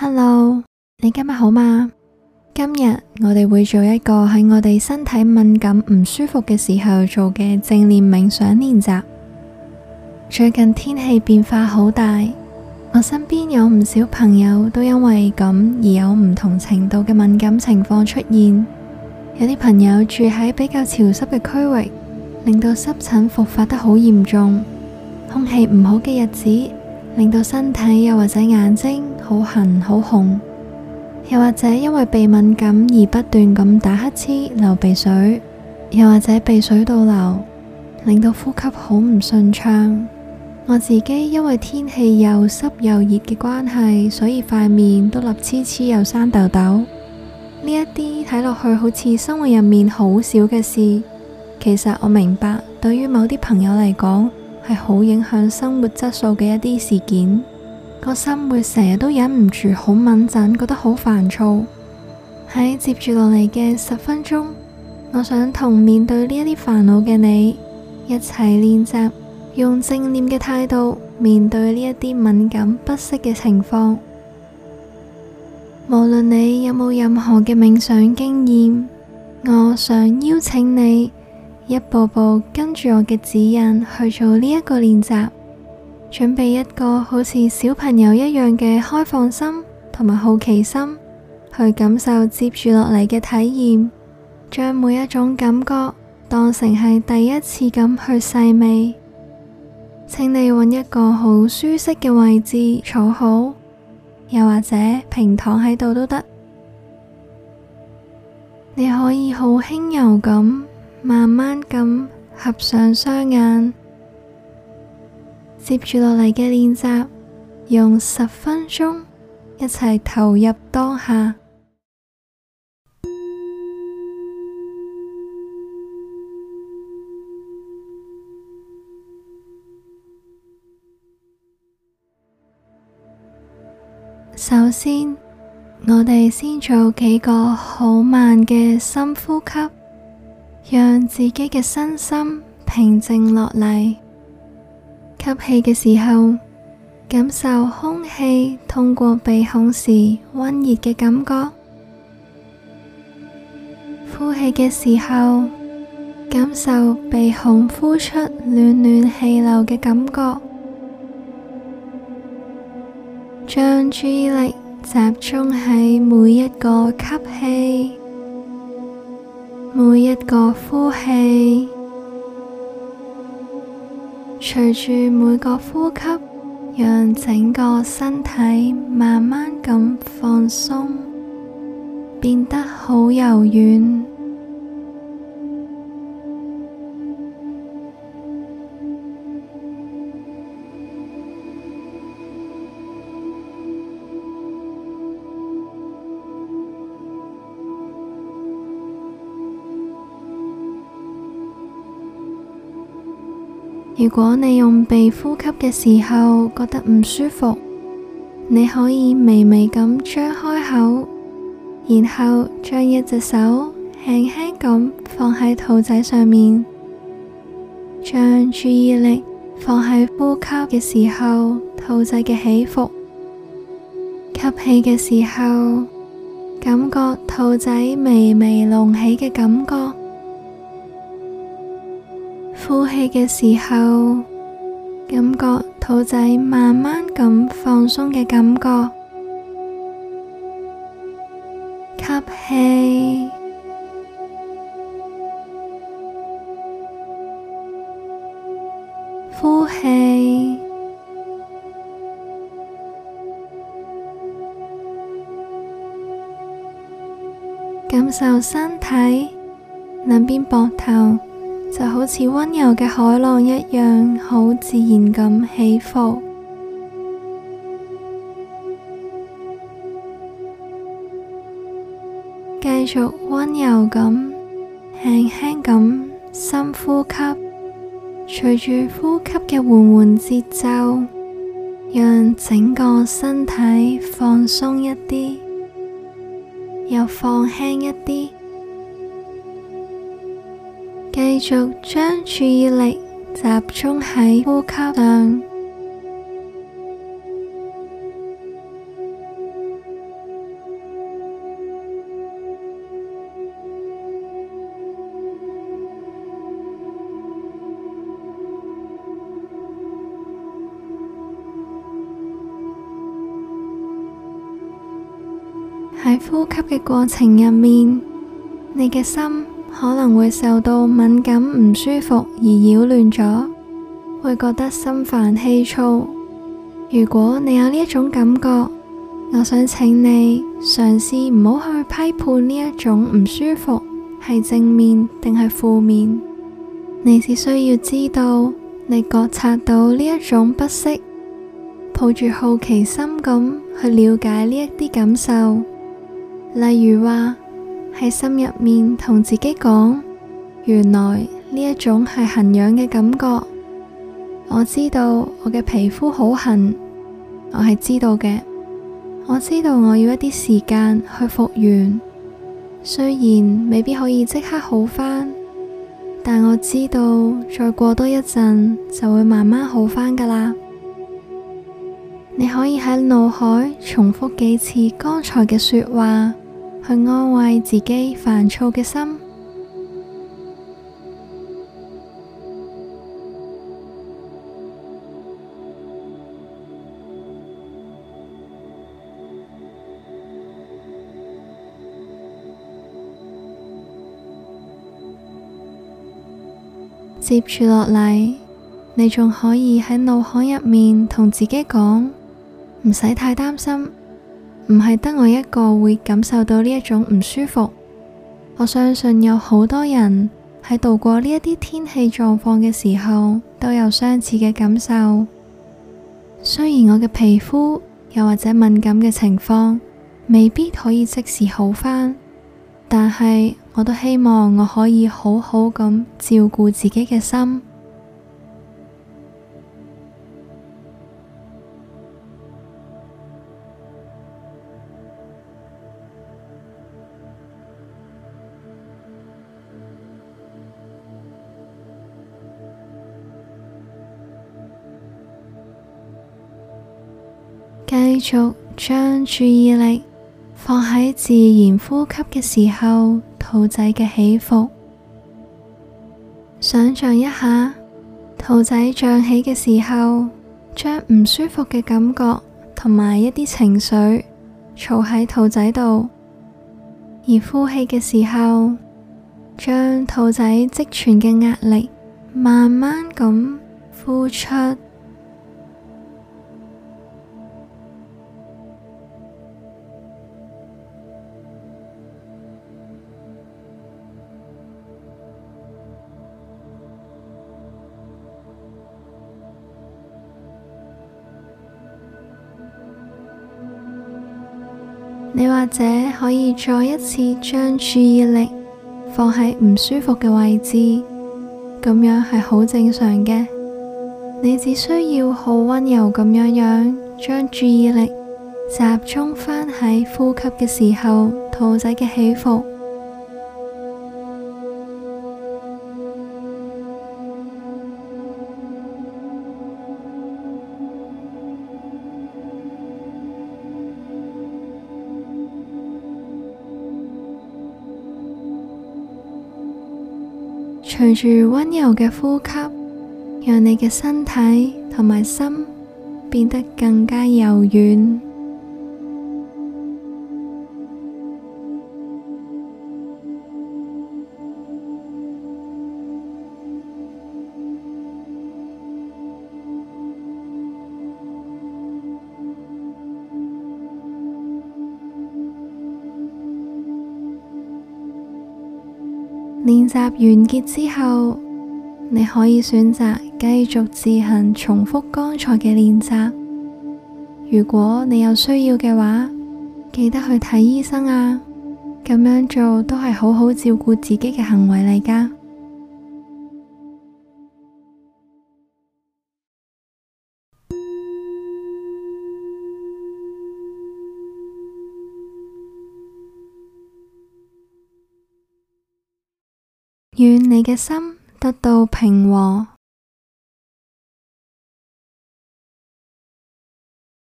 Hello，你今日好嗎？今日我哋會做一個喺我哋身體敏感唔舒服嘅時候做嘅正念冥想練習。最近天氣變化好大，我身邊有唔少朋友都因為咁而有唔同程度嘅敏感情況出現。有啲朋友住喺比較潮濕嘅區域，令到濕疹復發得好嚴重，空氣唔好嘅日子。令到身體又或者眼睛好痕好紅，又或者因為鼻敏感而不斷咁打乞嗤流鼻水，又或者鼻水倒流，令到呼吸好唔順暢。我自己因為天氣又濕又熱嘅關係，所以塊面都立黐黐又生痘痘。呢一啲睇落去好似生活入面好少嘅事，其實我明白，對於某啲朋友嚟講。係好影響生活質素嘅一啲事件，個心會成日都忍唔住好敏感，覺得好煩躁。喺接住落嚟嘅十分鐘，我想同面對呢一啲煩惱嘅你一齊練習，用正念嘅態度面對呢一啲敏感不適嘅情況。無論你有冇任何嘅冥想經驗，我想邀請你。一步步跟住我嘅指引去做呢一個練習，準備一個好似小朋友一樣嘅開放心同埋好奇心，去感受接住落嚟嘅體驗，將每一種感覺當成係第一次咁去細味。請你揾一個好舒適嘅位置坐好，又或者平躺喺度都得。你可以好輕柔咁。慢慢咁合上雙眼，接住落嚟嘅練習，用十分鐘一齊投入當下。首先，我哋先做幾個好慢嘅深呼吸。讓自己嘅身心平靜落嚟。吸氣嘅時候，感受空氣通過鼻孔時溫熱嘅感覺；呼氣嘅時候，感受鼻孔呼出暖暖氣流嘅感覺。將注意力集中喺每一個吸氣。每一個呼氣，隨住每個呼吸，讓整個身體慢慢咁放鬆，變得好柔軟。如果你用鼻呼吸嘅時候覺得唔舒服，你可以微微咁張開口，然後將一隻手輕輕咁放喺肚仔上面，將注意力放喺呼吸嘅時候，肚仔嘅起伏，吸氣嘅時候，感覺肚仔微微隆起嘅感覺。呼氣嘅時候，感覺肚仔慢慢咁放鬆嘅感覺。吸氣，呼氣，感受身體，兩邊膊頭。似溫柔嘅海浪一樣，好自然咁起伏，繼續溫柔咁，輕輕咁深呼吸，隨住呼吸嘅緩緩節奏，讓整個身體放鬆一啲，又放輕一啲。繼續將注意力集中喺呼吸上。喺呼吸嘅過程入面，你嘅心。可能會受到敏感唔舒服而擾亂咗，會覺得心煩氣躁。如果你有呢一種感覺，我想請你嘗試唔好去批判呢一種唔舒服係正面定係負面。你只需要知道你覺察到呢一種不適，抱住好奇心咁去了解呢一啲感受，例如話，喺心入面同自己講，原來呢一種係痕癢嘅感覺。我知道我嘅皮膚好痕，我係知道嘅。我知道我要一啲時間去復原，雖然未必可以即刻好翻，但我知道再過多一陣就會慢慢好翻噶啦。你可以喺腦海重複幾次剛才嘅說話。去安慰自己煩躁嘅心，接住落嚟，你仲可以喺腦海入面同自己講，唔使太擔心。唔係得我一個會感受到呢一種唔舒服，我相信有好多人喺度過呢一啲天氣狀況嘅時候都有相似嘅感受。雖然我嘅皮膚又或者敏感嘅情況未必可以即時好返，但係我都希望我可以好好咁照顧自己嘅心。繼續將注意力放喺自然呼吸嘅時候，肚仔嘅起伏。想象一下，肚仔脹起嘅時候，將唔舒服嘅感覺同埋一啲情緒儲喺肚仔度；而呼氣嘅時候，將肚仔積存嘅壓力慢慢咁呼出。你或者可以再一次將注意力放喺唔舒服嘅位置，咁樣係好正常嘅。你只需要好溫柔咁樣樣，將注意力集中翻喺呼吸嘅時候，肚仔嘅起伏。隨住溫柔嘅呼吸，讓你嘅身體同埋心變得更加柔軟。練習完結之後，你可以選擇繼續自行重複剛才嘅練習。如果你有需要嘅話，記得去睇醫生啊！咁樣做都係好好照顧自己嘅行為嚟㗎。願你嘅心得到平和。